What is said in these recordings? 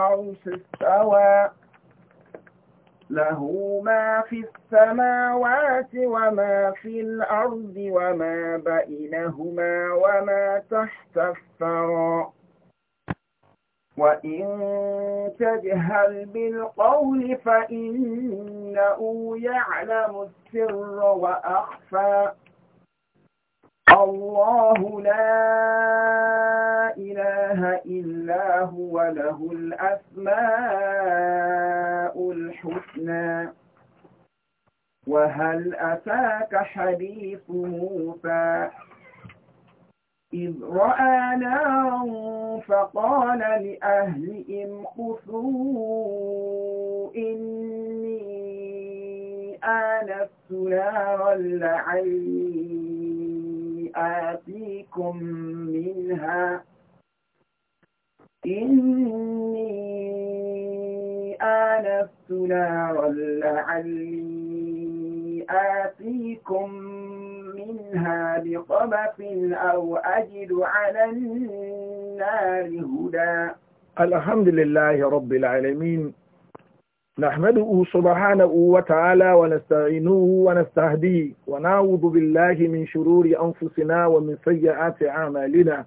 العرش استوى له ما في السماوات وما في الأرض وما بينهما وما تحت الثرى وإن تجهل بالقول فإنه يعلم السر وأخفى الله لا إله إلا هو له الأسماء الحسنى وهل أتاك حديث موسى إذ رأى نارا فقال لأهلهم خذوا إني آنست نارا لعلي آتيكم منها إني آنست نارا لعلي آتيكم منها بقبس أو أجد على النار هدى الحمد لله رب العالمين نحمده سبحانه وتعالى ونستعينه ونستهديه ونعوذ بالله من شرور أنفسنا ومن سيئات أعمالنا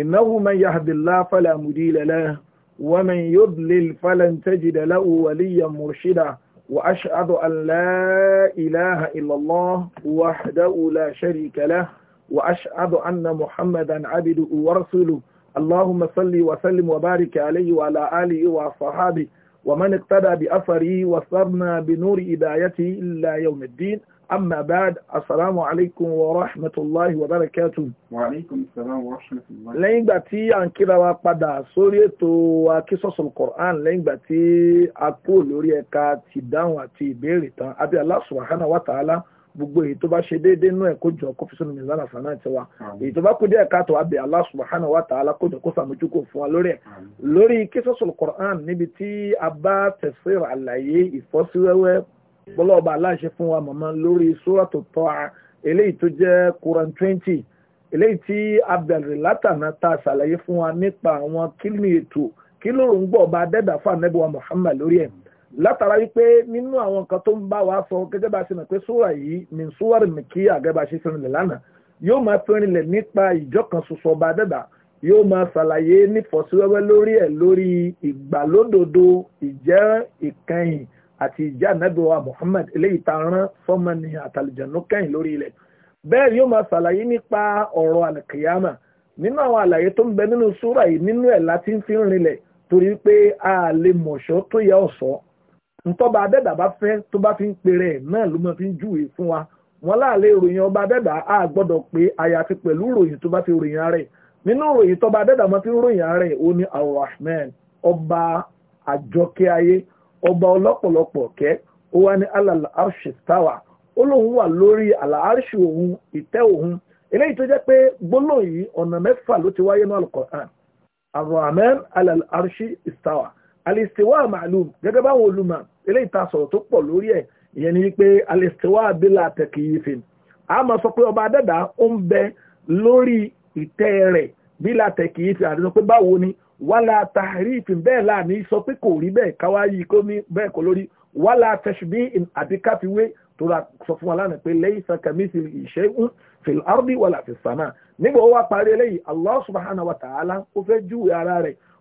إنه من يهد الله فلا مديل له ومن يضلل فلن تجد له وليا مرشدا وأشهد أن لا إله إلا الله وحده لا شريك له وأشهد أن محمدا عبده ورسوله اللهم صل وسلم وبارك عليه وعلى آله وصحابه ومن اقتدى بأثره واستبنى بنور هدايته إلا يوم الدين أما بعد السلام عليكم ورحمة الله وبركاته وعليكم السلام ورحمة الله lẹ́yìn ìgbà tí a ń kíra wa padà sórí ètò akísọ́sọ̀ Qur'an lẹ́yìn ìgbà tí a kú lórí ẹ̀ka ti dáhùn àti ìbéèrè tán abẹ́ Allah subhanahu wa ta'ala gbogbo èyí tó bá ṣe déédéé nú ẹ̀ kó jọ kó fi sínú mizan àṣà náà ti wa èyí tó bá kú díẹ̀ káàtó abẹ Allah subhanahu wa ta'ala kó kó sàmójúkò fún wa lórí ẹ̀ lórí kíṣọ́sọ̀ Qur'an níbi tí a bá tafsir àlàyé ìfọ́síwẹ́wẹ́ bọ́lọ́ọ̀bà aláṣẹ fún wa màmá lórí suratu Taha eléyìí tó jẹ́ Quran twenty eléyìí tí a bẹ̀rẹ̀ látàná ta ṣàlàyé fún wa nípa àwọn kílùmí ètò kílùrù ń gbọ̀ bá dẹ́dà fún wa Muhammad lórí látara wípé nínú àwọn nǹkan tó ń bá wa sọ gẹ́gẹ́ bá ṣe mọ̀ pé súwà yìí min súwárì mi kí àgẹ́bà ṣe fẹ́ràn lẹ̀ lánàá yóò máa fẹ́ràn lẹ̀ nípa ìjọkan ṣoṣo ọba adẹ́dà yóò máa ṣàlàyé nífọ̀síwẹ́wẹ́ lórí ẹ̀ lórí ìgbàlódodo ìjẹ́ ìkẹyìn àti ìjẹ́ ànábìwá Muhammad eléyìí ta rán fọ́mọ́ni àtàlùjẹ̀nú kẹ́yìn lórí ilẹ̀ bẹ́ẹ̀ yóò máa ṣàlàyé nípa ọ̀rọ̀ àlùkìyàmà nínú àwọn àlàyé tó ń bẹ nínú súrà yìí nínú ẹ̀ láti ń fi ń rinlẹ̀ torí pé a lè mọ̀ṣọ́ tó yẹ ọ̀ṣọ́ ntọ́ba abẹ́dà bá fẹ́ tó bá fi ń pèrè ẹ̀ náà ló máa fi ń júwèé fún wa wọn láàlẹ́ ìròyìn ọba abẹ́dà á gbọ́dọ̀ pé àyàfi pẹ̀lú ìròyìn tó bá fi ròyìn ara ẹ̀ nínú ìròyìn tọ́ba abẹ́dà máa fi ń ròyìn ara ẹ̀ ó ní Ar-Rahman ọba àjọkẹ́ ayé ọba ọlọ́pọ̀lọpọ̀ kẹ́ ó wá ní alàlà arṣì táwà ó lóun wà lórí àlà arṣì òun ìtẹ́ òun eléyìí tó jẹ́ pé gbólóhùn ọ̀nà mẹ́fà ló ti wáyé ní al alistiwa ma'lum gẹ́gẹ́ báwọn olùmọ̀ eléyìí ta sọ̀rọ̀ tó pọ̀ lórí ẹ̀ ìyẹn ni wípé alistiwa bila takyifin a máa sọ pé ọba adẹ́dà ó ń bẹ lórí ìtẹ́ rẹ̀ bila takyifin àti sọ pé báwo ni wàlá tahrifin bẹ́ẹ̀ láàní sọ pé kò rí bẹ́ẹ̀ káwá yìí kó ní bẹ́ẹ̀ kó lórí wàlá tashbihin àbí káfíwé tó ra sọ fún wa lánàá pé laysa kamithlihi shay'un fil ardi wala fis sama nígbà ó wá parí eléyìí Allah subhanahu wa ta'ala ó fẹ́ júwe ara rẹ̀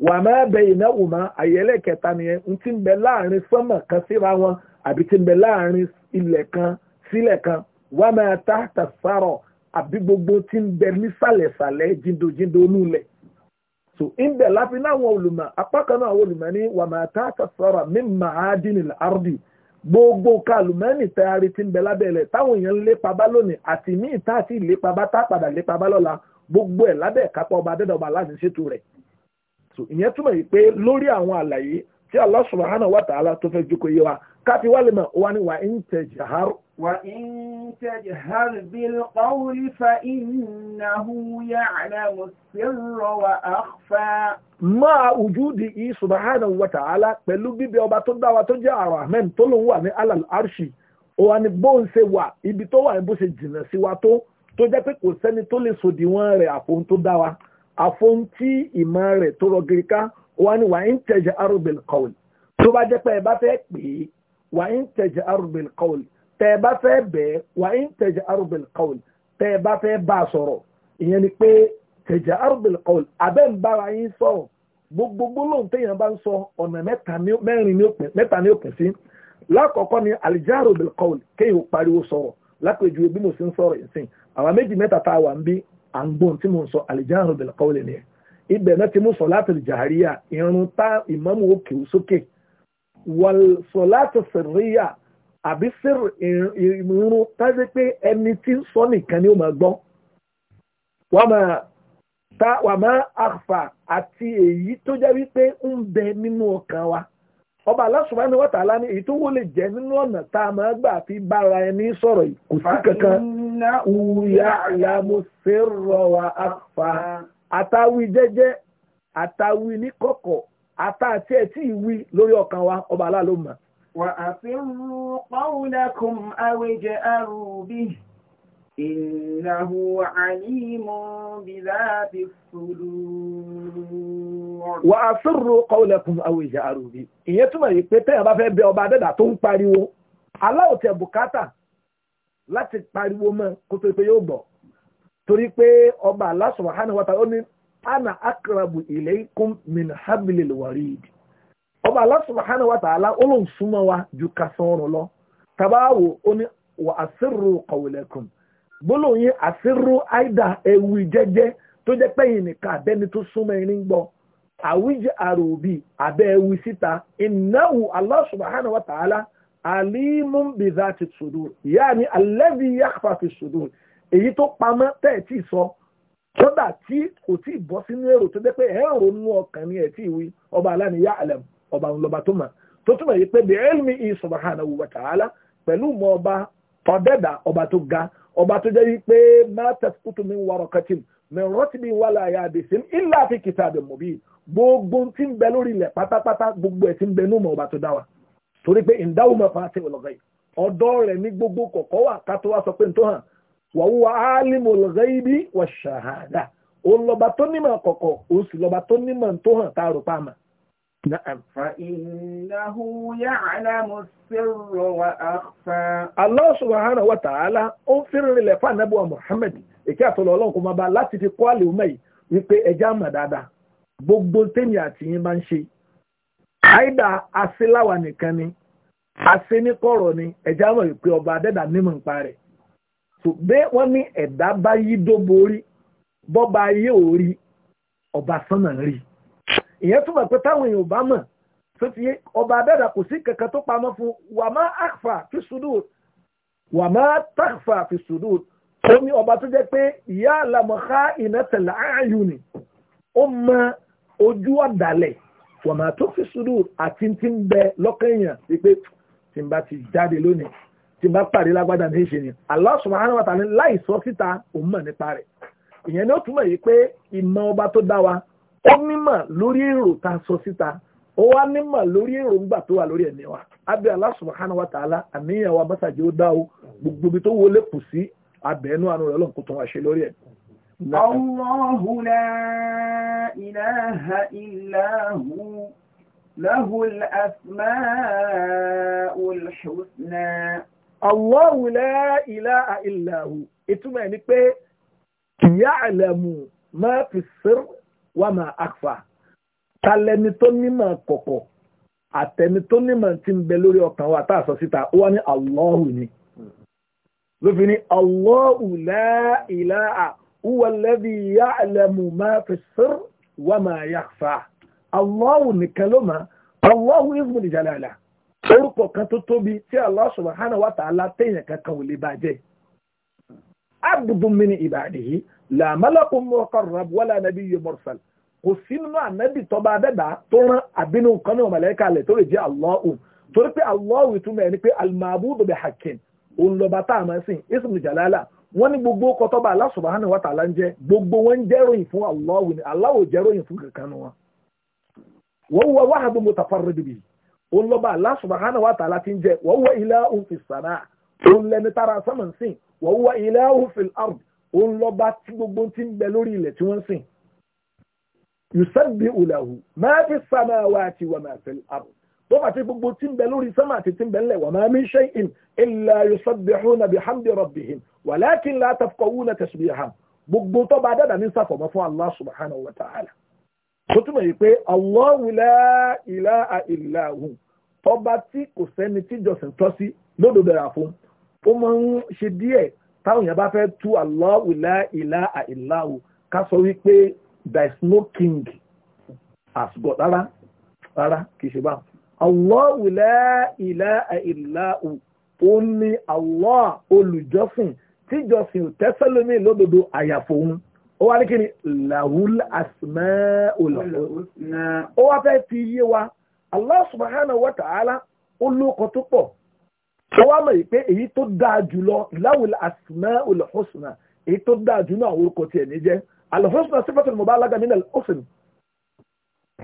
wà máa bẹ ìnáwùmá àyẹlẹ kẹta nìyẹn ń ti ń bẹ láàrin sánmà kan síra wọn àbí ti ń bẹ láàrin ilẹ̀ kan sílẹ̀ kan wà máa tá tàṣàrọ̀ àbí gbogbo ti ń bẹ nísàlẹ̀sàlẹ̀ jíndojíndo nulẹ̀ so ń bẹ láfi láwọn olùmọ̀ apá kan náà àwọn olùmọ̀ ní wà máa tá tàṣàrọ̀ mí màá dín ìlà àrùdì gbogbo kalùmẹ́nì tẹ́ari ti ń bẹ lábẹ́lẹ̀ táwọn èèyàn ń lépa bá lónìí àti míì tá àti ìlépa bá tá padà lépa bá lọ́la gbogbo ẹ̀ lábẹ́ ìkápá ọba adẹ́dọ̀ba láti ṣètò rẹ̀ so ìyẹn túmọ̀ yìí pé lórí àwọn àlàyé tí Allah subhanahu wa ta'ala tó fẹ́ jókòó yé wa káfí wà lè mọ̀ wá ní wà ń tẹ̀ jàhárù. wà ń tẹ̀ jàhárù bil qawli fa innahu ya'lamu sirra wa akhfa. máa wùjúdi yìí subhanahu wa ta'ala pẹ̀lú bíbí ọba tó dá tó jẹ́ Ar-Rahman tó lòun wà ní alal arshi òwà ni bóun wà ibi tó wà ní bó ṣe jìnnà sí wa tó tó jẹ́ pé kò sẹ́ni tó lè sòdì rẹ̀ àfọ̀hún tó dá àfontí ìmọ̀ rẹ̀ tó rọ gírí ká wà ní wà ń tẹ̀jẹ̀ arúgbìn kọ́ọ̀lì tó bá jẹ́ pé ẹ bá fẹ́ pè é wà ń tẹ̀jẹ̀ arúgbìn kọ́ọ̀lì tẹ́ ẹ bá fẹ́ bẹ̀ẹ́ wà ń tẹ̀jẹ̀ arúgbìn kọ́ọ̀lì tẹ́ ẹ bá fẹ́ bá a sọ̀rọ̀ ìyẹn ni pé tẹ̀jẹ̀ arúgbìn kọ́ọ̀lì abẹ́ ń bára yín sọ̀rọ̀ gbogbo gbólóhùn téèyàn bá ń sọ ọ̀nà mẹ́ta ní òpin sí lákọ̀ọ́kọ́ ni alijaru bil kọ́ọ̀lì kéèyàn pariwo sọ̀rọ̀ lápèjúwe bí mo sì ń sọ̀rọ̀ ìsìn àwọn méjì mẹ́ta tá a wà ń bí à ń gbọ́n tí mo ń sọ àlìjáàrò bẹ̀rẹ̀ kọ́wọ́lẹ̀ nìyẹn ibẹ̀ náà ti mú sọ̀láàtì jàríyà irun tá ìmáàmù òkè sókè wàl sọ̀láàtì sẹ̀ríyà àbí sẹ̀rì irun tájẹ́ pé ẹni tí ń sọ nìkan ni ó máa gbọ́ wọ́n àfà àti èyí tó jẹ́ wípé ń bẹ nínú ọkàn wa ọba aláṣùmá ni wọ́n tààlá ní èyí tó wó lè jẹ́ nínú ọ̀nà tá a máa gbà fi bára ẹni sọ̀rọ̀ kò sí kankan. iná uya ìyàmú ṣe rọ wa afa. àtàwí jẹ́jẹ́ àtàwí ní kọ̀kọ̀ àtà àti ẹ̀tí ìwí lórí ọkàn wa ọba aláàló mọ̀. wà á fi rú qawlakum àwẹ̀jẹ̀ àrù bí innahu alimun bi dhati sudur. wà á sọ̀rọ̀ kọ́ọ̀lẹ́kùn àwọn ìjà àròbí ìyẹn túmọ̀ yìí pé ọba adẹ́dà tó ń pariwo aláwòtẹ́ bukata lati pariwo mọ́ kó tó pé yóò bọ̀ torí pé ọba Allah subhanahu wa ta'ala ó ana akrabu ilaykum min hablil warid ọba Allah subhanahu wa ta'ala wa ju tabawo ka àwíjì àròbí abẹ́ ewu síta ìnáwó Allah subhanahu wa ta'ala alimun bizati sudur yaani alladhi yakhfa fi sudur èyí tó pamọ́ tẹ̀ tí sọ kódà tí kò tí ì bọ́ sínú èrò tó dé pé ẹ̀ ń ronú ọkàn ni ẹ̀ tí ì wí ọba aláni yá àlẹ́m ọba ńlọba tó mọ̀ tó túmọ̀ yìí pé bẹ́ẹ̀ mi ì subhanahu wa ta'ala pẹ̀lú mọ́ ọba tọ́dẹ́dà ọba tó ga ọba tó jẹ́ wípé má tẹ̀síkútù mi ń kẹ́tìmù na wà láàyè àdìsín ilá fi kitabin mubin gbogbo tí ń gbogbo ẹ̀ tí ń bẹ nínú ọba tó dá torí pé ìdáwó mẹ́fà àti al-ghaib ọ̀dọ́ ní gbogbo kọ̀kọ́ wà ká tó wá sọ pé n tó hàn wa lọ́ba tó nímọ̀ sì lọ́ba tó nímọ̀ tó hàn pàmà. Allah subhanahu wa ta'ala ó fún wa èké àtọ́lọ́ ọlọ́run kò máa bá láti fi kọ́ àlè ọmọ yìí wípé ẹja mà dáadáa gbogbo tèmi àti yín máa ń ṣe àìdá aṣeláwa nìkan ni aṣe ní kọ̀rọ̀ ni ẹja mọ̀ wípé ọba adẹ́dà nímọ̀ ń parẹ̀ tó bẹ́ẹ̀ wọ́n ní ẹ̀dá bá yí dóbo rí bọ́ba ayé ò rí ọba sánmà rí ìyẹn túmọ̀ pé táwọn èèyàn bá mọ̀ tó ti yé ọba adẹ́dà kò sí kankan tó pamọ́ fún wàmá àfà fi sùdúr wàmá tàfà fi sùdúr ó ní ọba tó jẹ́ pé ìyá àlàmọ̀ká ìnẹ́tẹ̀lẹ̀ ààyù ni ó mọ ojú ọ̀dàlẹ̀ wọ̀nà tó fi sùúrù àti ti ń bẹ lọ́kàn èèyàn wípé tí n bá ti jáde lónìí tí n bá pàdé lágbádá ní ìṣe ni Allah subhanahu wa ta'ala láì sọ síta òun mọ̀ nípa rẹ̀ ìyẹn ni ó túmọ̀ yìí pé ìmọ̀ ọba tó dá wa ó nímọ̀ lórí èrò tá a sọ síta ó wá nímọ̀ lórí èròǹgbà tó wà lórí ẹ̀mí wa abẹ́ Allah subhanahu wa ta'ala àníyàn wa mọ́sàgì ó dá o gbogbo ibi tó wọlé kù sí abẹ́ẹ̀nú àánú rẹ̀ lọ́nkú tó wá ṣe lórí ẹ̀. Allahu la ilaha illa hu lahul asmaul husna. Allahu la ilaha illa hu ìtumọ̀ ẹ̀ ni pé ya'lamu ma fi sir wa ma akhfa. Talẹ́ni tó nímọ̀ kọ̀kọ̀ àtẹni tó nímọ̀ ti ń bẹ lórí ọkàn wa síta ó wá Allahu ni lófin ní Allahu la ilaha huwa alladhi ya'lamu ma fi sirr wa ma yakhfa Allahu nìkan ló máa Allahu ismu ni jalala orúkọ kan tó tóbi tí Allah subhanahu wa ta'ala téèyàn kankan ò lè bàjẹ́ abdun min ibadihi la malakun muqarrab wala nabiyyun mursal kò sí nínú ànábì tọba adẹ́dà tó rán àbínú kan ní ọmọlẹ́ka alẹ̀ tó lè jẹ́ Allahu torí pé Allahu ìtumọ̀ ẹni pé bi haqqin òun lọ́ba tá a máa sìn ismu jalala wọ́n ní gbogbo kọtọ́ba Allah subhanahu wa ta'ala ń jẹ́ gbogbo wọn ń jẹ́ròyìn fún Allahu ni Allah ò jẹ́ròyìn fún kankan wọn. wa huwa wahdu mutafarrid bihi òun lọ́ba Allah subhanahu wa ta'ala ti ń jẹ́ wa huwa ilahun fis sama' òun lẹni tára sánmà ń sìn wa huwa ilahun fil ard òun lọ́ba tí gbogbo ti ń bẹ lórí ilẹ̀ tí wọ́n sìn. yusabbihu lahu ma bọ́bà tí gbogbo tí ń bẹ lórí sánmà àti tí ń bẹ ńlẹ̀ wa ma min shay'in illa yusabbihuna bihamdi rabbihim walakin la tafqahuna tasbihahum gbogbo tó bá dàdà ní sàfọ̀mọ́ fún Allah subhanahu wa ta'ala. tó túmọ̀ yìí pé Allahu la ilaha illa hu ọba tí kò sẹ́ni tí jọ̀sìn tọ́ sí lódodo rà fún ó máa ń ṣe díẹ̀ táwọn èèyàn bá fẹ́ tú Allahu la rárá kì í ṣe báwọn Allahu la ilaha illahu ó ní Allah olùjọ́sìn tíjọsìn ò tẹ́sẹ́lómi lódodo àyàfò òun ó wá ní kí ni lahul asmaul husna ó wá fẹ́ fi yé wa Allah subhanahu wa ta'ala ó lóko tó pọ̀ ó wá mọ̀ pé èyí tó dáa jùlọ lahul asmaul husna èyí tó dáa jùlọ àwọn orúkọ tiẹ̀ ní jẹ́ al husna sifatul mubalaga min al husn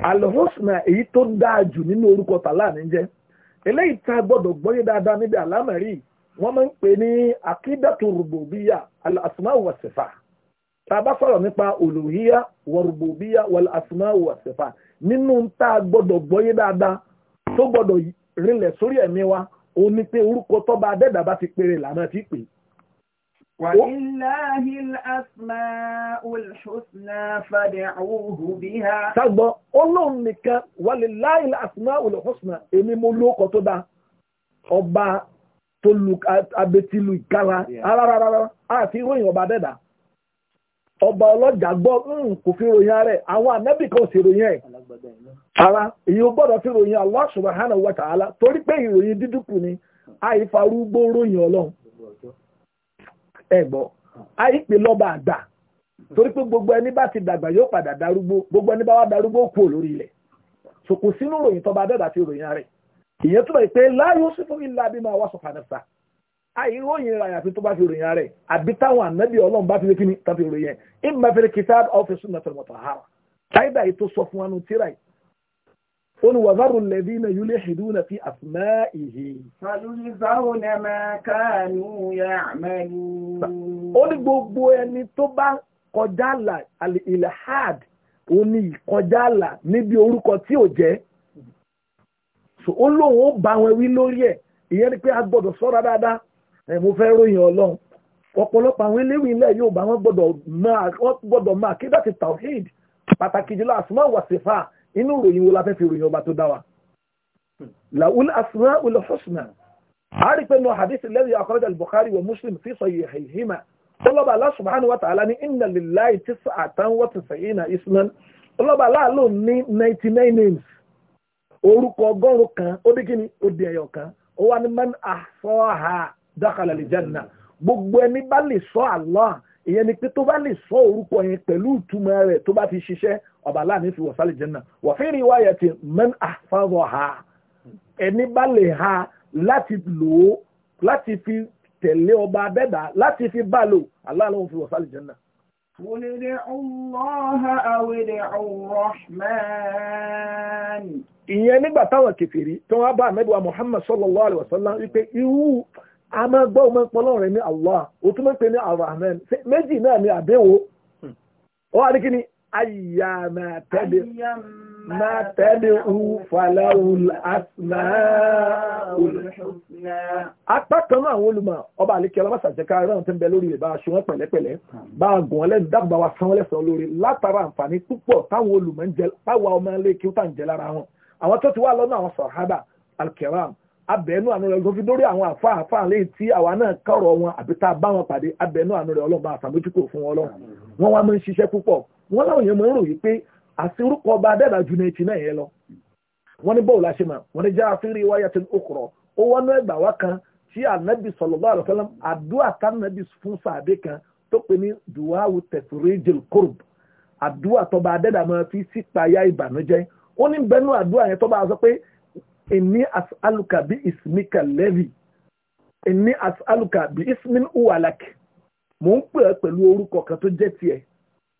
alhosna èyí tó dáa jù nínú orúkọ tàlá ní jẹ́ eléyìí tá a gbọ́dọ̀ gbọ́yé dáadáa níbi àlámẹ̀rí wọ́n máa ń pè ní akídàtú rùbùbíyà alásùmá tá a bá sọ̀rọ̀ nípa olùhíyà wa rùbùbíyà nínú tá a gbọ́dọ̀ gbọ́yé dáadáa tó gbọ́dọ̀ rinlẹ̀ sórí ẹ̀mí wa òun ni pé orúkọ tọ́ba adẹ́dàá ti pèrè lànà tí pè وَلِلَّهِ الْأَسْمَاءُ الْحُسْنَى فَادْعُوهُ بِهَا Ṣàgbọ́, Ọlọ́run nìkan, وَلِلَّهِ الْأَسْمَاءُ الْحُسْنَى, èmi mo lóko tó dá, ọba tó lu abetilu ìkára, arárára, àti ìròyìn ọba dẹ́dà. Ọba ọlọ́jà hmm, fi Ara, èyí ó gbọ́dọ̀ fi ròyìn Allah subhanahu wa ta'ala, torí pé ìròyìn dídùkù ni, àìfarúgbó hmm. ròyìn ẹ̀gbọ́ àìpé lọ́ba àgbà torí pé gbogbo ẹni bá ti dàgbà yóò padà darúgbó gbogbo ẹni bá wà darúgbó kú lórí ilẹ̀ sòkò sínú ròyìn tọba adẹ́dà ti ròyìn rẹ̀ ìyẹn túbọ̀ pé láyò fi ròyìn rẹ̀ àbí táwọn ànábì ọlọ́run bá fi lé kíni ròyìn ẹ̀ قل وذروا الذين يلحدون في أسمائه فيجزون ما كانوا يعملون ó ní gbogbo ẹni tó bá kọjáàlà al-ilhad ó ní ìkọjáàlà níbi orúkọ tí ò jẹ́ ó lóun ó bá wọn wí lórí ẹ̀ ìyẹn ni pé a gbọ́dọ̀ sọ́ra dáadáa ẹ̀ mo fẹ́ ròyìn ọlọ́run ọ̀pọ̀lọpọ̀ àwọn eléwì ilẹ̀ yóò bá wọn gbọ́dọ̀ máa gbọ́dọ̀ máa kí dàtí tawhid pàtàkì jùlọ àsùnmọ́ wàsífà inú ìròyìn wo la fẹ́ fi ròyìn ọba tó dá wa làwọn asúná olùfọ́sùnà àárí pé nù hadith lẹ́yìn akọ́rọ́jà Bukhari wa Muslim fi sahihihima ọlọ́ba Allah subhanahu wa ta'ala ní inna lillahi tis'atan wa tis'ina isman ọlọ́ba aláàlú ní ninety nine names orúkọ ọgọ́rùn-ún kan ó dé kí ni ó di ẹyọ kan ó wá ní man ahsaha dakhala al-janna gbogbo ẹni bá lè sọ Allah ìyẹn ni pé tó bá lè sọ orúkọ yẹn pẹ̀lú ìtumọ̀ rẹ̀ tó bá fi ṣiṣẹ́ ọba aláàánú fi wọ̀sálì jẹ́nà wọ̀fíìrì wáyà ti mẹ́n àfáàrọ̀ ha ẹni bá lè ha láti lò ó láti fi tẹ̀lé ọba abẹ́dà láti fi bá lò aláàánú fi wọ̀sálì jẹ́nà. قل ادعوا الله أو ادعوا الرحمن ìyẹn nígbà táwọn kèfèrí tí wọ́n bá àmẹ́bíwá Muhammad sallallahu alaihi wípé irú a máa gbọ́ ọmọ ìpọ́nlọ́ rẹ̀ ní Allah ó tún máa ń ní ar méjì náà ni àbẹ́wò ó wà ní kí ni أيا ما تدع ما تدعو فله الأسماء الحسنى apá kan náà àwọn olùmọ̀ ọba àlekí ọlọ́mọ̀sá jẹ́ká ẹ̀rọ tí ń bẹ lórí ìbá aṣọ wọn pẹ̀lẹ́pẹ̀lẹ́ bá a gùn ọlẹ́nu dábàá wa sanwó lẹ́sàn lórí látara àǹfààní púpọ̀ táwọn olùmọ̀ ń jẹ táwa ọmọ ilé kí ó tà ń jẹ lára wọn àwọn tó ti wá lọ́nà àwọn sàhábà alkiram abẹ́nú àánú rẹ̀ lọ́fi lórí àwọn àfa àfa àlẹ́ tí àwa náà kọ̀rọ̀ wọn àbí tá wọn pàdé abẹ́nú àánú rẹ̀ ọlọ́ba àsàmójúkò fún wọn lọ wọn wá máa ń ṣiṣẹ́ púpọ̀ wọ́n láwọn èèyàn mọ̀ ń rò yìí pé àṣírúkọ ọba adẹ́dà ju náà ti náà yẹn lọ wọ́n ní bọ́ọ̀lù àṣemà wọ́n ní já àfírí wáyà tí ó kọ̀rọ̀ ó wọ́n náà gbà wá kan tí ànábì sallallahu alaihi wasallam àdúrà tánábì fún sàdé kan tó pè ní duwawu tẹ̀síríjìl kúrb àdúrà tọba adẹ́dà máa fi sípayá ìbànújẹ́ ó ní bẹ́nu àdúrà yẹn tọ́ba sọ pé inni as'aluka bí ismika lẹ́rì inni as'aluka ismin uwalak mò ń pè é pẹ̀lú orúkọ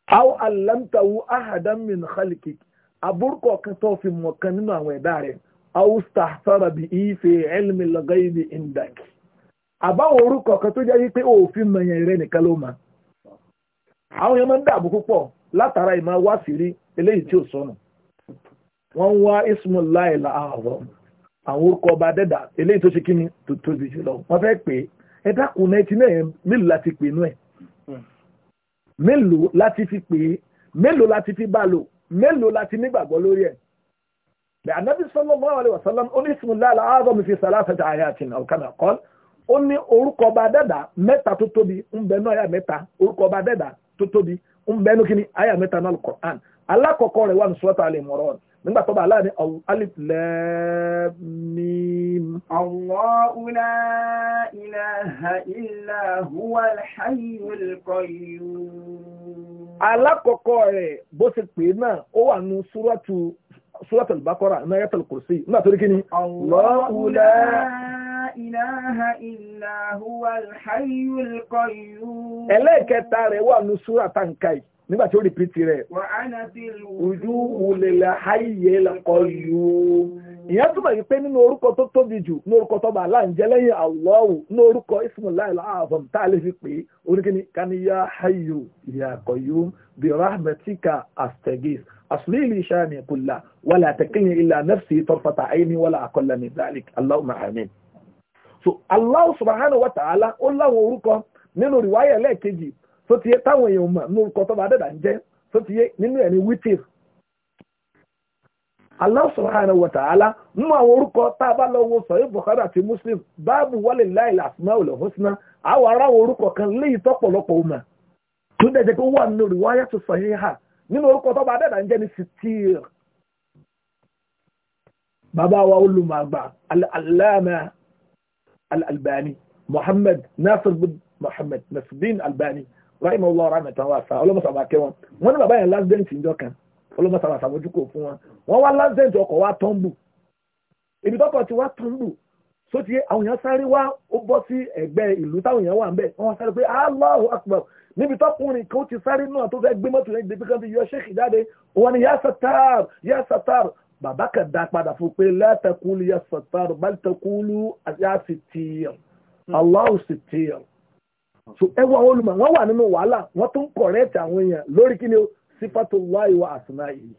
aw allamtahu ahadan min khalqik aburko kan tó fi mọ̀ kan nínú àwọn ẹ̀dá rẹ̀ aw stahsara bi ife ilmi lagaybi indak àbáwọn orúkọ kan tó jẹ́ wípé òfin mọ̀yàn rẹ̀ nìkan ló mọ̀ àwọn yẹn máa ń dààmú púpọ̀ látara ìmọ̀ wá sírí eléyìí tí ò sọnù wọ́n ń wá ismullahi azam àwọn orúkọ ọba dẹ́dà eléyìí tó ṣe kí ni tó tóbi jùlọ wọ́n fẹ́ pè é ẹ dákun ti náà mélòó láti pè inú ẹ̀ mélòó láti fi pè é mélòó láti fi bá lò mélòó láti nígbàgbọ́ lórí ẹ̀. bẹ́ẹ̀ anábì sallallahu alaihi wasallam ó fi ó ní orúkọ ọba dẹ́dà mẹ́ta tó tóbi ń bẹnu àyà mẹ́ta orúkọ ọba dẹ́dà tó tóbi ń bẹnu kíni àyà mẹ́ta náà al alákọ̀ọ́kọ́ rẹ̀ wà ní nígbà tó bá aláàní alif lam. Allahu la ilaha illa huwal hayyul qayyum. alákọ̀ọ́kọ́ rẹ̀ bó ṣe pè náà ó wà nù súrọ́tù súrọ́tù al-Baqara náyàtọ̀ kùrùsì nígbà tó rí kí ni. Allahu la ilaha illa huwal nígbà tí ó rìpítì rẹ̀ ojú wulẹ̀lẹ̀ ayé lẹ́kọ̀ọ́ yóò ìyẹn túmọ̀ yìí pé nínú orúkọ tó tóbi jù ní orúkọ tó bá aláǹjẹ́ lẹ́yìn Allahu ní orúkọ ismullahi al-azam tá a lè fi pè é oníkíní kaniya hayyu ya qayyum bi rahmatika astagis aslili shani kulla wala takilni illa nafsi tarfata aini wala aqalla min dhalik allahumma amin. so Allah subhanahu wa ta'ala ó láwọn orúkọ nínú rìwáyà lẹ́ẹ̀kejì tó ti yẹ táwọn èèyàn mọ̀ ní orúkọ tó bá dẹ̀dà ń jẹ́ tó ti yẹ nínú ẹ̀ ní wítìr Allah subhanahu wa ta'ala mú àwọn orúkọ tá a bá lọ wo sọ̀rọ̀ Bukhari àti Muslim báàbù walillahil asmaul husna àwọn ará orúkọ kan léyìí tọ́pọ̀lọpọ̀ ọmọ tó dẹ̀ jẹ́ pé wà nínú riwaya tó sọ hà nínú orúkọ tó bá dẹ̀dà ń jẹ́ ní sitir bàbá wa olùmọ̀gbà al al-albani Muhammad Nasir bin Muhammad Nasruddin Albani rahim allah rahmat wa sa ọlọ́mọ̀sá wa kẹ́ wọn wọn ní bàbá yẹn lásìdẹ́ǹt ìjọ kan ọlọ́mọ̀sá wa sàmójúkò fún wọn wọn wá lásìdẹ́ǹt ọkọ̀ wa tọ́ǹbù ibi tọ́kọ̀ ti wá tọ́ǹbù tó ti àwọn èèyàn sáré wá ó bọ́ sí ẹ̀gbẹ́ ìlú táwọn èèyàn wà ń bẹ̀ wọ́n sáré pé Allahu akbar níbi tọkùnrin kan ti sáré náà tó fẹ́ gbé mọ́tò yẹn débi kan ti yọ ṣéèkì jáde wọn ni yá satar yá satar bàbá kan dá padà fún pé látàkùlù yá satar bal taqulu yá sitir Allahu sitir so ẹ wá olùmọ̀ wọ́n wà nínú wàhálà wọ́n tún kọ̀rẹ́ẹ̀tì àwọn èèyàn lórí kí ni ó sífàtò láì àsìnà yìí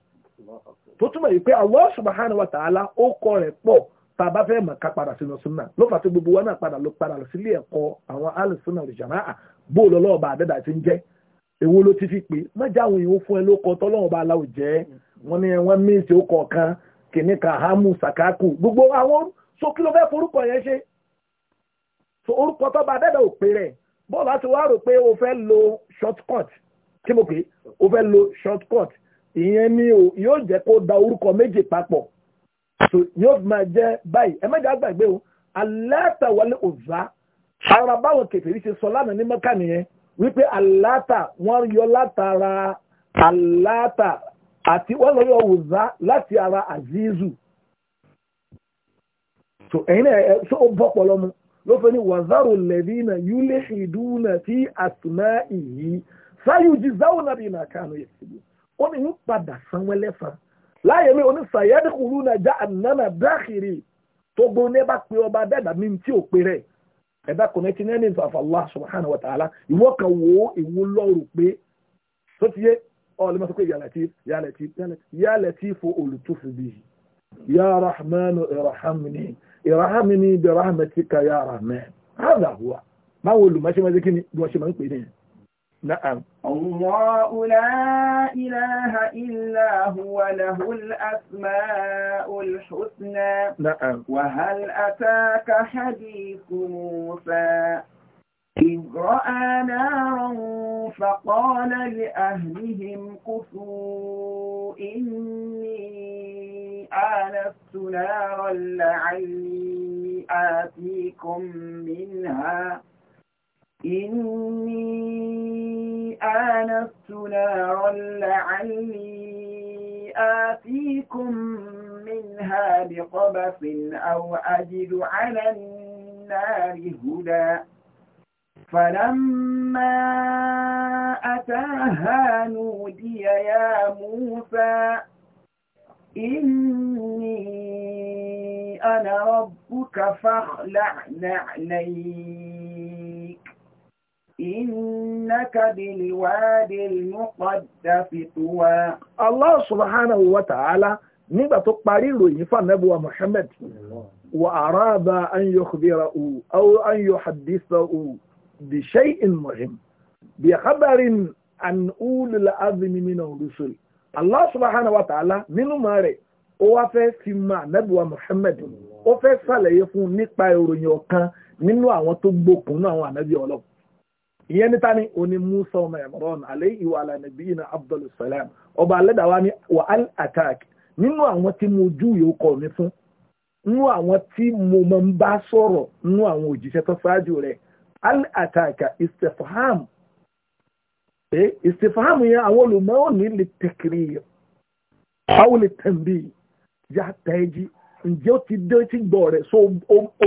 tó túmọ̀ yìí pé Allah subhanahu wa ta'ala ó kọ rẹ̀ pọ̀ tá a bá fẹ́ mọ̀ ká padà sínú súnà ló fà tó gbogbo wọn náà padà ló padà lọ sílé ẹ̀kọ́ àwọn alùsùnà al-jamaa bóòlù ọlọ́ọ̀bà àdẹ́dà ti ń jẹ́ èwo ló ti fi pé àwọn èèyàn fún ẹ ló kọ aláwọ̀ jẹ́ sakaku gbogbo àwọn bọ́ọ̀lù àti wá rò pé o fẹ́ lo short cut kí mo pè é o fẹ́ lo short ìyẹn ni o yóò jẹ́ kó da orúkọ méjì papọ̀ so yóò máa jẹ́ báyìí ẹ mẹ́jọ àgbàgbé o aláàtà wọlé òzá ara báwọn kẹfìrí ṣe sọ lánàá ní mọ́kà nìyẹn wípé aláàtà wọ́n yọ látara aláàtà àti wọ́n lọ yọ òzá láti ara azizu, so ẹ̀yin náà ẹ̀ so ó bọ́ pọ̀ lọ́mú ló fẹ́ ní wàzárò lẹ́dínà yúlé ìdúnà tí àtúná ìyí sáyù jí záwò náà bí nàkànú yẹ síbi ó ní ń padà sanwó ẹlẹ́sàn láyé mi oní sàyẹ́dì kùrú náà já ànánà dákìrì tó gbóhùn ní bá pé ọba dẹ́dà mi tí ò pé rẹ̀ ẹ̀dá kò ní ti ní ìfàfà Allah subhanahu wa ta'ala ìwọ kan wò ó lọ́rù pé tó ti yé ọ̀lẹ́ máa sọ pé ya Latif ya Latif ya Latif fo olùtúfù bíi ya ارحمني برحمتك يا رحمن هذا هو ما هو ما شيء ما ذكي ما ما يقولين إيه؟ نعم الله لا إله إلا هو له الأسماء الحسنى نعم وهل أتاك حديث موسى إذ رأى نارا فقال لأهلهم كثوا إني آنست نارا لعلي آتيكم منها إني آنست نارا لعلي آتيكم منها بقبس أو أجد على النار هدى فلما أتاها نودي يا موسى إني أنا ربك فاخلع نعليك إنك بالواد المقدس طوى الله سبحانه وتعالى نبى tó parí ìròyìn محمد وأراد أن يخبره أو أن يحدثه بشيء مهم بخبر عن أولي العظم من الرسل Allah subhanahu wa ta'ala nínú mọ́ rẹ̀ ó wá fẹ́ fi mọ ànábìwá Muhammad ó fẹ́ ṣàlàyé fún nípa ìròyìn ọ̀kan nínú àwọn tó gbókun náà àwọn ànábì ọlọ́ ìyẹn níta ni oní Musa ọmọ Imran alayhi wa ala nabiyina abdul salam ọba alẹ́dàwá ni wa al attack nínú àwọn tí mo jú ìyókọ̀ mi fún nínú àwọn tí mo máa ń bá sọ̀rọ̀ nínú àwọn òjíṣẹ́ tó ṣáájú rẹ̀ al-ataka istifham istifham yẹn àwọn olùmọ̀ ò ní lè tẹ̀kìrì yẹn àwọn lè tẹ̀m̀bì yà tẹ́jì ǹjẹ́ ó ti dé tí gbọ́ rẹ̀ so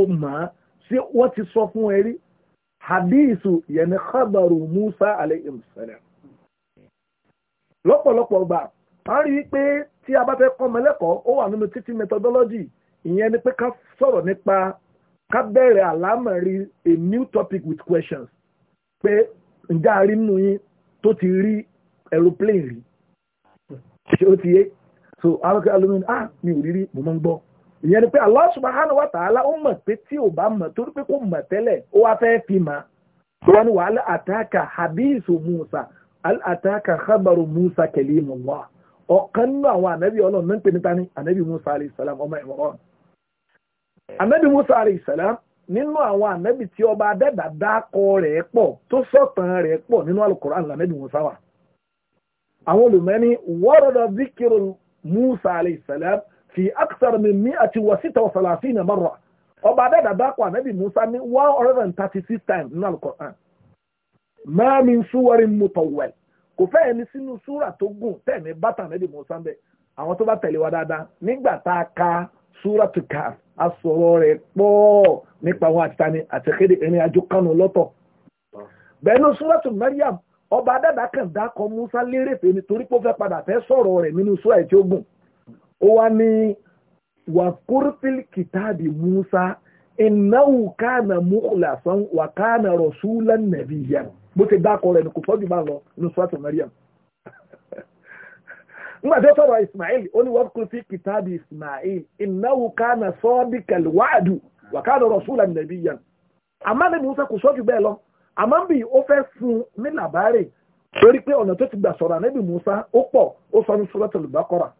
ó mà á ṣé wọ́n ti sọ fún ẹ rí hadithu yẹn ni khabaru musa alayhi salam lọ́pọ̀lọpọ̀ gbà a rí i pé tí a bá fẹ́ kọ́ ọmọ ó wà nínú títí methodology ìyẹn ni pé ká sọ̀rọ̀ nípa ká bẹ̀rẹ̀ àlámọ̀rí a new topic with questions pé ǹjẹ́ a rí nínú yín tó ti rí aeroplane rí ṣé ó ti yé so alókè alómi ah mi ò rí rí mo máa ń gbọ́ ìyẹn ni pé Allah subhanahu wa ta'ala ó mọ̀ pé tí ò bá mọ̀ torí pé kò mọ̀ tẹ́lẹ̀ ó wá fẹ́ fi mà wọ́n ní wàhálà àtàkà habisu Musa àtàkà khabaru Musa kalimullah ọ̀kan nínú àwọn ànábì ọlọ́run náà ń pè ànábì Musa alayhi salam ọmọ ìmọ̀ràn anabi musa alayhi salam nínú àwọn anabi tí ọba adẹ́dà dákọ rẹ̀ pọ̀ tó sọ̀tàn rẹ̀ pọ̀ nínú alukoran anabi musa wa àwọn olùmẹ́ni wọ́rọ̀dọ̀ zikiru musa alayhi salam fi aksar min mi àti wasita wasalasi na marra ọba adẹ́dà dákọ anabi musa ní one hundred and thirty six times nínú alukoran máa mi súwọ́rin mutawwal kò fẹ́ẹ̀ ní sínú súrà tó gùn tẹ̀mí bàtà anabi musa ń àwọn tó bá tẹ̀lé wa dáadáa nígbà tá a ka súrà tó kàá asọ̀rọ̀ rẹ̀ pọ̀ nípa àwọn àtìtani àtẹ̀kéde ìrìn àjò kanu lọ́tọ̀ bẹ́ẹ̀ ní súrọ́tù Maryam ọba adada kan dákọ̀ Musa lérè pé nítorí pé ó fẹ́ padà fẹ́ sọ̀rọ̀ rẹ̀ nínú súrọ̀ ẹ̀ tí ó wá ní wàkúrúfìlì kìtàbí Musa innahu kana mukhlasan wa kana rasulan nabiyyan bó ti dákọ̀ rẹ̀ ní kò fọ́jú bá lọ nínú súrọ́tù Maryam nígbà tó sọ̀rọ̀ Ismail ó ní wọ́n kún sí kìtàbí Ismail innahu kana sadiqal wa'du wa kana rasulan nabiyyan àmọ́ ní Musa kò sọ́jú bẹ́ẹ̀ lọ àmọ́ bí ó fẹ́ fún ní làbárè lórí pé ọ̀nà tó ti gbà sọ̀rọ̀ ànábì Musa ó pọ̀ ó sọ ní Suratul Baqara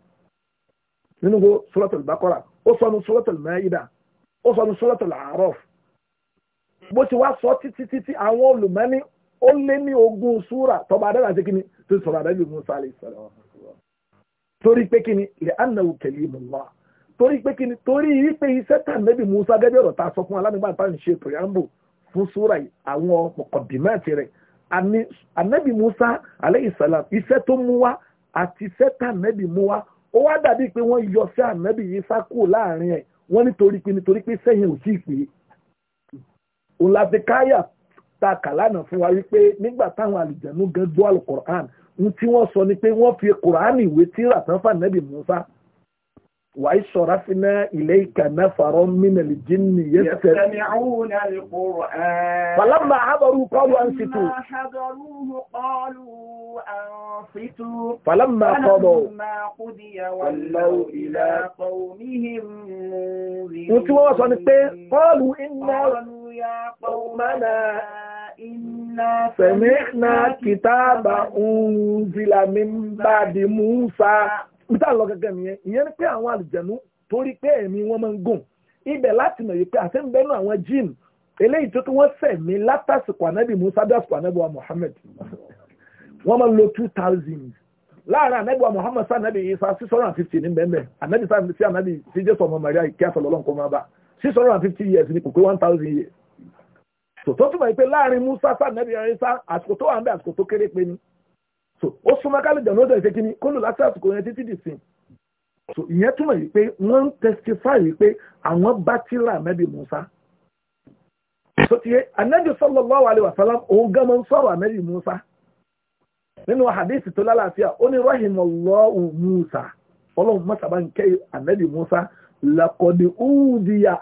nínú Suratul Baqara ó sọ ní Suratul Maida ó sọ ní Suratul A'raf bó ti wá sọ títí títí àwọn olùmọ́ni ó lé ní ogún súrà tọba adára àti kíni tó sọ̀rọ̀ àdájú Musa alayhi salam torí pé kí ni ilẹ̀ anáwó kẹlẹ́ ìmọ̀lá torí pé kí ni torí wípé iṣẹ́ ta nẹ́bí Musa gẹ́gẹ́ ọ̀rọ̀ tá a sọ fún alámìgbà tá à ń ṣe pìrìàmbò fún súra àwọn mọ̀kàndínláàtì rẹ̀ anábì Musa aleyhi iṣẹ́ tó mú àti iṣẹ́ tà mú wá wá dàbí pé wọ́n yọ sí yìí sákò láàrin ẹ̀ wọ́n nítorí pé nítorí pé sẹ́yìn ò ní tí wọ́n sọ ni pé wọ́n fi kùránì ìwé tíra tán fà nẹ́bì Musa wàá sọ̀rọ̀ fínà ilé ìkànnà fàrọ̀ mínàlì jínì yẹsẹ̀. Fàlámà àbọ̀rù kọlu àǹsìtù. Fàlámà kọ̀dọ̀. Wọ́n tí wọ́n sọ ni pé kọlu iná. Kọlu ya kọ̀ mọ́nà sẹ̀mẹ́nà kìtàbà unzila min ba'di Musa mítà lọ gẹ́gẹ́ nìyẹn ìyẹn ni pé àwọn àlùjẹ̀nu torí pé ẹ̀mí wọn máa ń gùn ibẹ̀ láti mọ̀ wípé àti ń bẹ́nu àwọn jíìmù eléyìí tó kí wọ́n sẹ̀mí látàsìkò ànábì Musa bí àsìkò ànábì wa Muhammad wọ́n máa lo two thousand láàrin ànábì wa Muhammad sí ànábì Isa six hundred and fifty ní bẹ́ẹ̀ bẹ́ẹ̀ ànábì sí ànábì sí Jésù ọmọ Maria kí á sọ lọ́lọ́ nǹkan máa bá six hundred and fifty years ní kò pé one thousand years tó túmọ̀ pé láàrin musa sànẹ́bí ẹ̀ríṣà àsìkò tó wà ń bẹ àsìkò tó kéré pé ni ó súnmọ́ kálí jọ̀nà ó dẹ̀ ṣe kíní kó lò láti àsìkò yẹn títí dìsìn ìyẹn túmọ̀ yìí pé wọ́n ń testify yìí pé àwọn bá tíra ànábì musa tó ti yé ànábì sallallahu alaihi wasallam òun gan mọ́ ń sọ̀rọ̀ ànábì musa nínú hadith tó lálàáfíà ó ní rahimallahu musa ọlọ́run mọ́sàbá ń kẹ́ ànábì musa laqad udiya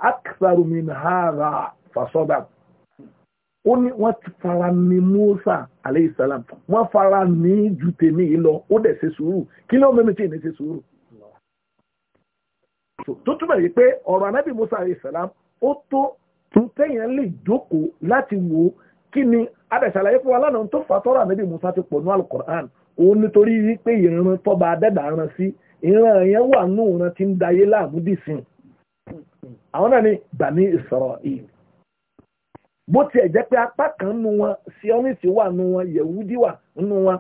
ó ní wọ́n ti fara ní Musa aleyhisselam wọ́n fara ní ju tèmi yìí lọ ó dẹ̀ ṣe sùúrù kí ló mẹ́mí tí ì ní ṣe sùúrù. tó túbọ̀ yìí pé ọ̀rọ̀ anábì Musa aleyhisselam ó tó tún tẹ̀yàn lè jókòó láti wò ó kí ni adẹ̀sàlàyé fún wa lánàá tó fà tọ́rọ̀ anábì Musa ti pọ̀ ní alukoran òun nítorí wípé ìran tọ́ba adẹ́dà ran sí ìran yẹn wà nù ìran tí ń dayé láàmú àwọn náà ní Bani Israel bó tiẹ̀ jẹ́ pé apá kan nu wọn sionisi wà nu wọn yehudi wà nu wọn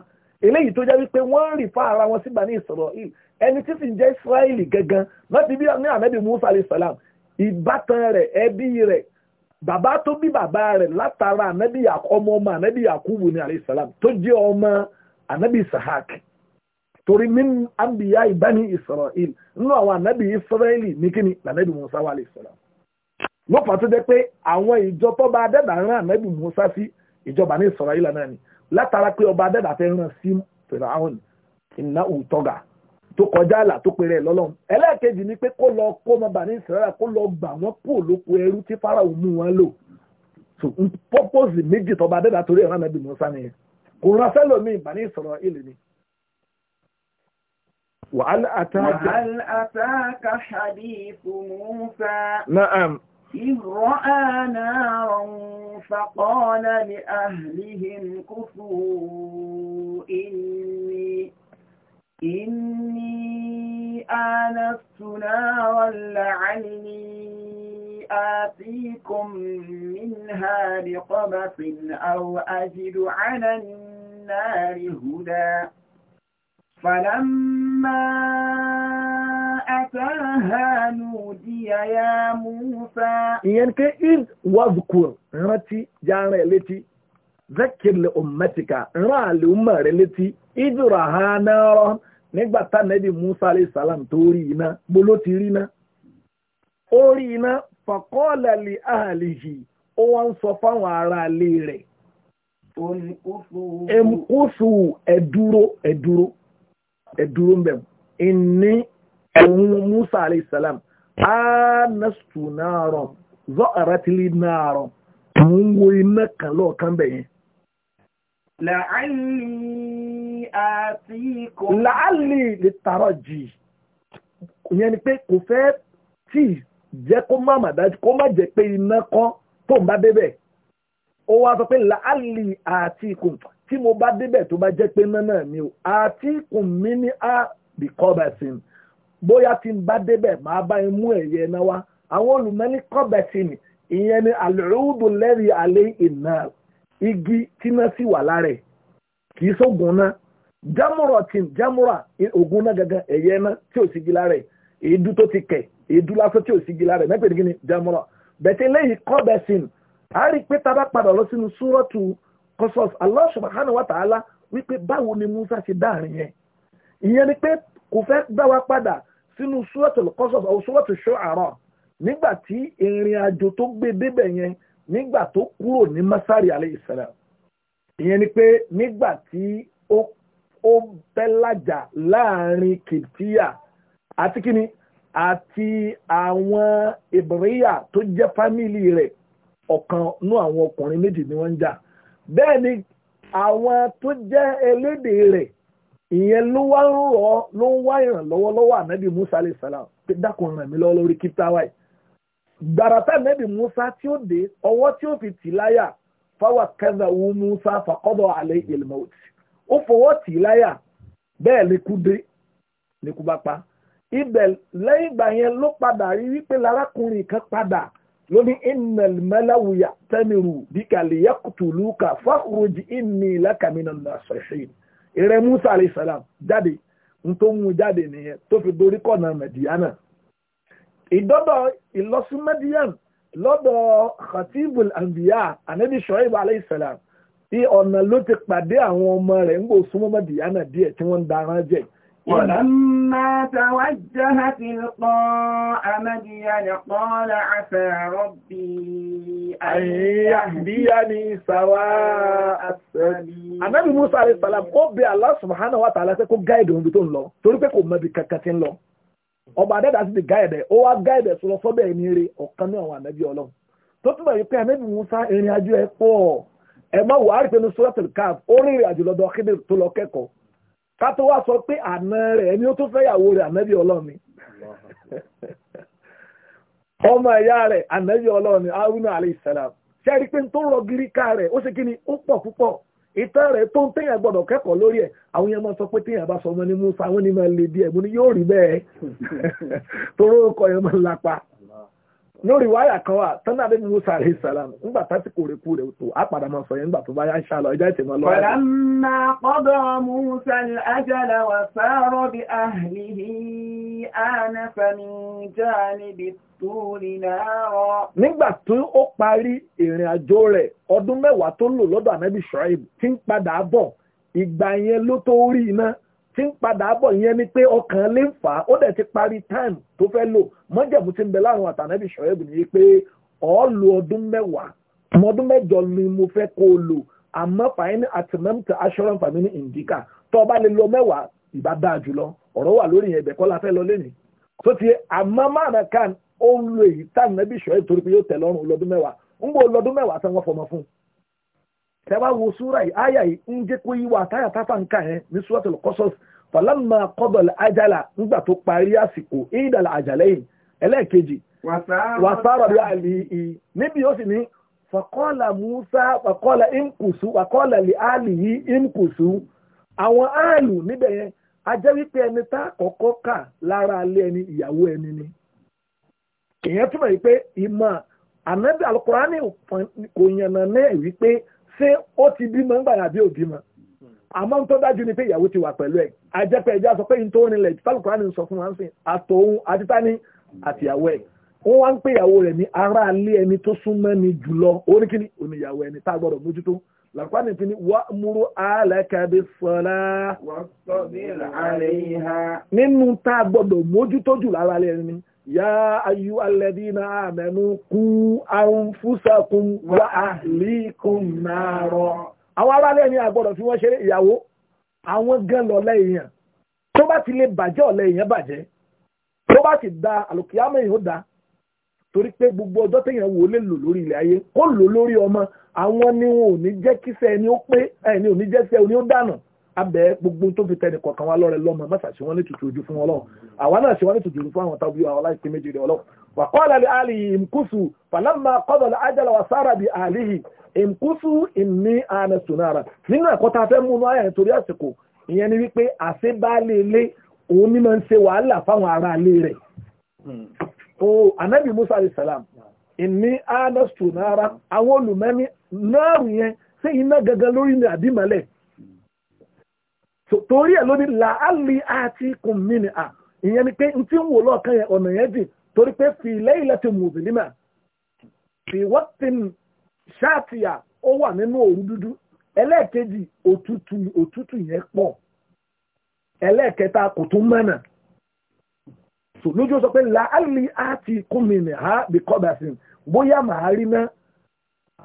eléyìí tó jẹ́ wípé wọ́n ń rì ara wọn sígbà ní Israel ẹni tí sì ń jẹ́ Israeli gangan láti bí ní anabi Musa alayhi salam ìbátan rẹ̀ ẹbí rẹ̀ bàbá tó bí bàbá rẹ̀ látara anabi ọmọ ọmọ anabi Yakubu ní alayhi salam tó jẹ́ ọmọ anabi Isahak torí min anbiya bani Israel nínú àwọn anabi Israeli ní kíni anabi Musa alayhi salam ló fà tó jẹ́ pé àwọn ìjọ tó bá adẹ́dà rán ànábì Musa sí ìjọba ní Ísírẹ́lì náà ni látara pé ọba adẹ́dà fẹ́ rán sí Fìràhùn iná òtọ́gà tó kọjá àlà tó pèrè lọ́lọ́run ẹlẹ́ẹ̀kejì ni pé kó lọ kó ọmọ Bani Ísírẹ́lì kó lọ gbà wọ́n kú òlóko ẹrú tí Fáráò mú wọn lò so pọ́pọ́sì méjì tó adẹ́dà torí ẹ̀rọ ànábì Musa nìyẹn kò rán sẹ́lòmíì Bani Ísírẹ́lì ni وهل أتاك نعم إذ رأى نارا فقال لأهلهم كفوا إني إني آنست نارا لعلي آتيكم منها بقبس أو أجد على النار هدى فلما فأتاها نودي يا موسى إن إذ واذكر رتي جانا التي ذكر لأمتك را لأمة التي إذ رها نارا nígbà tá nẹ́bí musa alayhi salam tó rí iná gbolo ti rí iná ó rí iná faqala li ahlihi ó ẹ̀wọ̀n musa aleyhisselam anastu naarọ zọ́ọ̀rẹ́tìlì naarọ mò ń wo iná kan lọ́ọ̀kan bẹ̀ yẹn. làálì àtìkò. làálì lè tààrọ̀ jì ìyẹn ni pé kò fẹ́ tí jẹ́ kó má má dájú kó má jẹ́ pé iná kọ́ tó ń bá débẹ̀ ó wá sọ pé làálì àtìkò tí mo bá débẹ̀ tó bá jẹ́ pé iná náà ni o àtìkò mi ní a bìkọ́ bá sin bóyá tí n bá débẹ̀ máa bá yín mú ẹ̀yẹ náà wá àwọn olùmọ́ni kọ́bẹ̀tì ni ìyẹn ni àlùrúdù lẹ́rìí alẹ́ ìnà igi tíná sì wà lára ẹ̀ kì í sógun náà jámúrọ̀ tí jámúrà ògùn náà gangan ẹ̀yẹ náà tí ò sígi lára ẹ̀ èédú tó ti kẹ̀ èédú lásán tí ò sígi lára ẹ̀ mẹ́pẹ̀ẹ́dì gíní jámúrà bẹ̀tẹ̀ lẹ́yìn kọ́bẹ̀tì ni a rí i pé tá a bá padà lọ sínú súrọ́tù Qasas Allah subhanahu wa ta'ala wípé báwo ni Musa ṣe dáàrin yẹn ìyẹn ni pé kò fẹ́ gbá wa padà sínú suratul Qasas àwọn suratu Shu'ara nígbà tí ìrìn àjò tó gbé débẹ̀ yẹn nígbà tó kúrò ní masari alayhi ìyẹn ni pé nígbà tí ó ó bẹ́làjà láàrin kìtìyà àti kíni àti àwọn ìbíríyà tó jẹ́ fámìlì rẹ̀ ọ̀kan nú àwọn ọkùnrin méjì ni wọ́n ń jà bẹ́ẹ̀ ni àwọn tó jẹ́ elédè rẹ̀ ìyẹn ló wá ń rọ ló ń wá ìrànlọ́wọ́ ànábì musa alayhi salam pé dákun ràn mí lọ́wọ́ lórí kíta wáyé gbàràtà musa tí ó dé ọwọ́ tí ó fi tì láyà fáwọn musa fàkọ́dọ̀ alẹ́ ìlmọ̀tì ó fọwọ́ tì láyà bẹ́ẹ̀ lè dé bá pa ibẹ̀ lẹ́yìn ìgbà yẹn ló padà rí wípé lárákùnrin kan padà ló ní innal malawu ìrẹ́ musa alayhi salam jáde n tó mú jáde nìyẹn tó fi dorí kọ̀nà mẹ̀díyánà ìdọ́dọ̀ ìlọsí mẹ́díyàn lọ́dọ̀ khatibul anbiya anabi shoaib alayhi salam tí ọ̀nà ló ti pàdé àwọn ọmọ rẹ̀ ń gbò mẹ́díyánà díẹ̀ tí wọ́n ń darán jẹ́ ولما توجه تلقاء مدين قال عسى ربي أن يهديني سواء السبيل Ànábì Musa alayhi salam ó bẹ Allah subhanahu wa ta'ala kó gáìdì ohun tó ń lọ torí pé kò mọ ibi kankan tí ń lọ. Ọba Adẹ́dà sì ti gáìdì ó wá gáìdì sọ̀rọ̀ sọ́dọ̀ ẹni rẹ̀ ọ̀kan ní àwọn ànábì Ọlọ́run. Tó túbọ̀ yìí pé Ànábì Musa ìrìn àjò ẹ̀ pọ̀ ẹ̀ má wàá rí ní Suratul Kahf ó rí ìrìn àjò lọ́dọ̀ Khidir tó lọ kẹ́kọ̀ọ́ ká tó wá sọ pé àna rẹ̀ ẹni ó tó fẹ́yàwó rẹ̀ ànábì ọlọ́ọ̀ni ọmọ ẹ̀yà rẹ̀ ànábì ọlọ́ọ̀ni haruna aleyhisselam ṣe rí i pé tó rọ gíríkà rẹ̀ ó ṣe kí ni ó pọ̀ púpọ̀ ìtàn rẹ̀ tó ń téèyàn gbọ́dọ̀ kẹ́kọ̀ọ́ lórí ẹ̀ àwọn yẹn máa sọ pé téèyàn bá sọ ọmọ ní musa àwọn ni máa le díẹ̀ mo ní yóò rí bẹ́ẹ̀ toró kọ yẹn máa lapa lórí wáyà kan wà tọ́nà àbí musa alayhi salam ńgbà tásìkò rẹ̀ kú rẹ̀ tó àpàdà sọ yẹn ńgbà tó bá yá ṣáà lọ ìtìmọ̀ lọ́wọ́. falamma qada musa al-ajala wa sara bi ahlihi anafa min tí ó parí ìrìn àjò rẹ ọdún tó lò lọdọ ń ìgbà yẹn ló tó rí tí ń padà bọ̀ ìyẹn ni pé ọkàn lè ń fà á ó dẹ̀ ti parí time tó fẹ́ lò mọ́jẹ̀mú ti ń bẹ láàrin àtànẹ́bí ṣọ̀ẹ́bù ni pé ọ̀ lo ọdún mẹ́wàá ọdún mẹ́jọ ni mo fẹ́ kó o lò àmọ́ fàáyínì àti mẹ́mtì assurance family indica tó o bá lè lo mẹ́wàá ìbá dáa jùlọ ọ̀rọ̀ wà lórí yẹn ìbẹ̀kọ́ la fẹ́ lọ lẹ́nu tó ti àmọ́ márùn kan ó ń lo èyí tànẹ́bí ṣọ̀ẹ́bù torí pé yóò tẹ̀ lọ́rùn lọ́dún mẹ́wàá ń gbọ́ lọ́dún mẹ́wàá tán wọ́n fọmọ fún tẹ́wá wo súra yìí àyà yìí ń jẹ́ kó yíwa táyà táfà ń kà yẹn ní súra tó kọ́sọ́s fàlámà kọ́dọ̀lì àjàlà nígbà tó parí àsìkò ìdàlà yìí ẹlẹ́ẹ̀kejì bí musa fàkọ́là imkusu fàkọ́là lè àlì yìí imkùsù àwọn àlù níbẹ̀ yẹn a wípé ẹni tá kà lára alẹ́ ẹni ìyàwó ẹni ni ìyẹn túmọ̀ wípé ìmọ̀ kò yànnà náà wípé ṣé ó ti bímọ ń gbàyàn àbí ò bímọ àmọ́ tó dájú ni pé ìyàwó ti wà pẹ̀lú ẹ̀ ajẹ́pẹ́ ẹ̀já sọ pé nítorí nílẹ̀ tálùkùrá ni sọ fún wa ń sìn àtòun àti tani àtìyàwó ẹ̀ wọ́n wá ń pè ìyàwó rẹ̀ ní ará ilé ẹni tó súnmọ́ ni jùlọ oníkíní oníyàwó ẹni tá a gbọ́dọ̀ mójútó làkúrá ni fini wà múrú alákàbí sọlá. nínú tá a gbọ́dọ̀ mójútó jù lára ilé ẹni يا أيها الذين آمنوا قوا أنفسكم وأهليكم نارا àwọn aráàlú ẹni àgbọ̀dọ̀ fi wọ́n ṣe ìyàwó àwọn gan lọ èèyàn tó bá ti lè bàjẹ́ ọ̀lẹ́ bàjẹ́ tó bá ti da èèyàn gbogbo ọjọ́ wò lè lò lórí ilẹ̀ ayé kó ọmọ àwọn ni wọn ò ní abẹ gbogbo tó fi tẹnì kọ̀ọ̀kan wá lọ́rẹ̀ lọ́mọ mọ́sà sí wọn ní tutù ojú fún ọlọ́run àwa náà sí wọn ní tutù ojú fún àwọn tábí àwọn aláìsí méjì rẹ̀ ọlọ́run wàkọ́lá lè àlì ìmkúsù fàlámà kọ́dọ̀lá ájàlá wà sára bí àlìhì ìmkúsù ìní àna sùnára nínú ẹ̀kọ́ tá fẹ́ múnú ayẹ̀ nítorí àsìkò ìyẹn ni wípé àṣẹ bá lè òun ní máa ń ṣe wàhálà fáwọn ará ilé rẹ̀ o anabi musa alayhi salam ìní àna sùnára àwọn olùmẹ́ni náà yẹn ṣé iná gangan torí ẹ̀ lónìí làálì àti kùnmínì à ìyẹn ni pé ntí ń wò lọ́ọ̀kan yẹn ọ̀nà yẹn jì torí pé fi laylati muzlima fi waqtin ṣáàtìyà ó wà nínú òru dúdú ẹlẹ́ẹ̀kejì òtútù òtútù yẹn pọ̀ ẹlẹ́ẹ̀kẹta kò tún mẹ́nà lójú sọ pé làálì àti kùnmínì à bí bóyá màá rí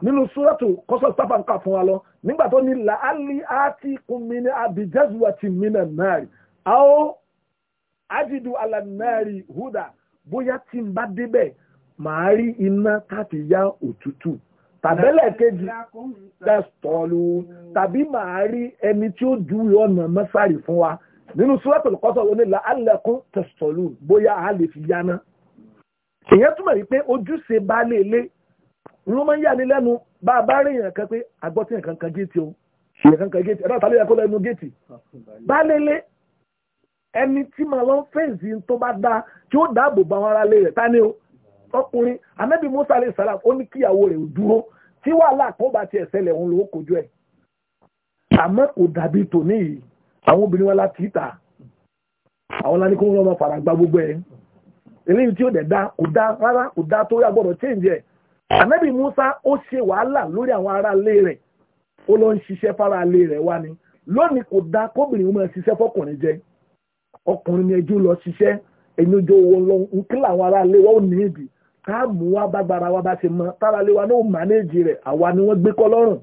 nínú súrọ́tù kọ́sọ̀ sábà ń kà fún wa lọ nígbà tó ní làálì àti kùnmínì àbíjẹ́sùwà ti mínà náà àwọn ajídù alànàárì húdà bóyá tí n bá débẹ̀ màá rí iná tàbí ya òtútù tàbẹ́lẹ̀ kejì dẹ́sítọ́ọ̀lù tàbí màá rí ẹni tí ó ju ọ̀nà mẹ́sàrì fún wa nínú súrọ́tù kọ́sọ̀ ló ní làálẹ̀ kún tẹ̀sítọ́ọ̀lù bóyá a lè fi yáná ìyẹn túmọ̀ yìí pé ojúṣe baálé ilé ló máa ń yà ní lẹ́nu bá a bá rí èèyàn kan pé àgbọ́ tí nǹkan kan géètì o èèyàn kan kan géètì ẹ̀rọ àtàlẹ́ yẹ kó lẹ́nu géètì bálẹ́lẹ́ ẹni tí màá lọ fèsì tó bá dáa tí ó dáàbò bá wọn ara lé rẹ̀ tání o ọkùnrin anabi musa alayhi salam ó ní kíyàwó rẹ̀ dúró tí wàhálà kan bá tiẹ̀ ṣẹlẹ̀ òun ló kojú ẹ̀ àmọ́ kò dàbí tòní yìí àwọn obìnrin wa láti ìta àwọn lani kó wọn máa fara gba gbogbo ẹ̀ eléyìí tí ó dẹ̀ dá kò dá rárá kò dá tó yà change ẹ̀ ànábì Musa ó ṣe wàhálà lórí àwọn aráalé rẹ̀ ó lọ ń ṣiṣẹ́ fáráalé rẹ̀ wá ni lónìí kò dáa kóbìnrin máa ṣiṣẹ́ fọkùnrin jẹ ọkùnrin ni ẹjú lọ ṣiṣẹ́ ẹni ojú owó lọ nkí làwọn aráalé wa ò ní ìdí káàmù wa bágbára wa bá ṣe mọ táráalé wa náà mànéèjì rẹ̀ àwa ni wọ́n gbé kọ́ lọ́rùn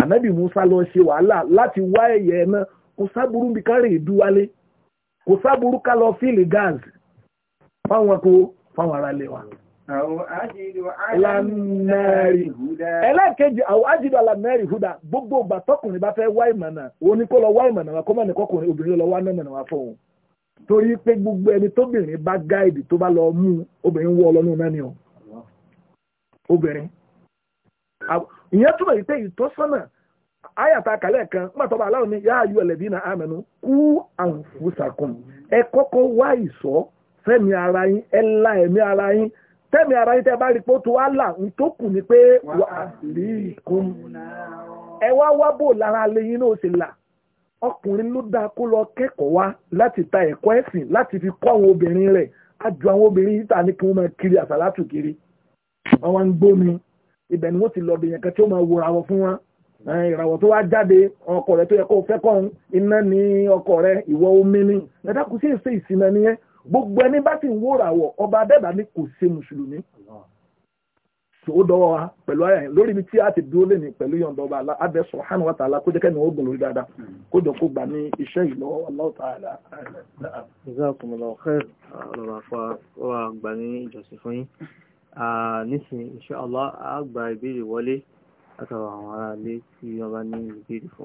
ànábì Musa lọ ṣe wàhálà láti wá ẹ̀yẹ ẹ̀ náà kò sábúrú bí ká rè é dúwálé kò sábúrú ká lọ fíìlì gáàsì fáwọn kó fáwọn aráalé wa. ẹlẹ́ẹ̀kejì àwọn ajídọ̀ alamẹ́rì húdà gbogbo ìgbà tọkùnrin bá fẹ́ wá ìmọ̀nà òun ni wá ìmọ̀nà wa kó mọ̀ ní kọkùnrin obìnrin lọ wá torí pé gbogbo ẹni tóbìnrin bá gáìdì tó bá lọ mú obìnrin wọ ọlọ́nu náà ni o obìnrin ìyẹn túmọ̀ yìí pé ìtọ́sọ́nà ayàtà kàlẹ́ kan pàtó bá aláwọ̀ ni ẹlẹ́bí náà àmẹ́nu kú àǹfùsàkùn ẹ kọ́kọ́ wá tẹ́mi ara yín tẹ́ bá rí pé ó tó wá là ń tó kù ni pé wà á rí ìkún ẹ wá wá bò lára lẹ́yìn náà ṣe là ọkùnrin ló dáa kó lọ kẹ́kọ̀ọ́ wá láti ta ẹ̀kọ́ ẹ̀sìn láti fi kọ́ àwọn obìnrin rẹ̀ á ju àwọn obìnrin yìí ta ní kí wọ́n máa kiri àsálátù kiri wọ́n wá ń gbómi ibẹ̀ ni wọ́n ti lọ bìyàn kan tí ó máa wo ìràwọ̀ fún wọn ìràwọ̀ tó wá jáde ọkọ rẹ̀ tó yẹ kó fẹ́ kọ́ iná ni ẹ̀dá gbogbo ẹni bá sì ń wóra wọ ọba abẹ́bà ni kò ṣe mùsùlùmí tó dọ́wọ́ wa pẹ̀lú ayẹyẹ lórí ibi tí a ti dúró lẹ́nu pẹ̀lú yọ̀ǹda ọba alá abẹ́ subhanahu wa ta'ala kó jẹ́ kẹ́ni ogun lórí dáadáa kó kó gbà ní iṣẹ́ yìí lọ́wọ́ Allahu ta'ala. jazakumullahu khair lọ́rọ̀ àfọ wa gbà ní ìjọsìn fún yín nísìnyí insha Allah a ìbéèrè wọlé látọ̀rọ̀ àwọn ará tí wọ́n ní ìbéèrè fún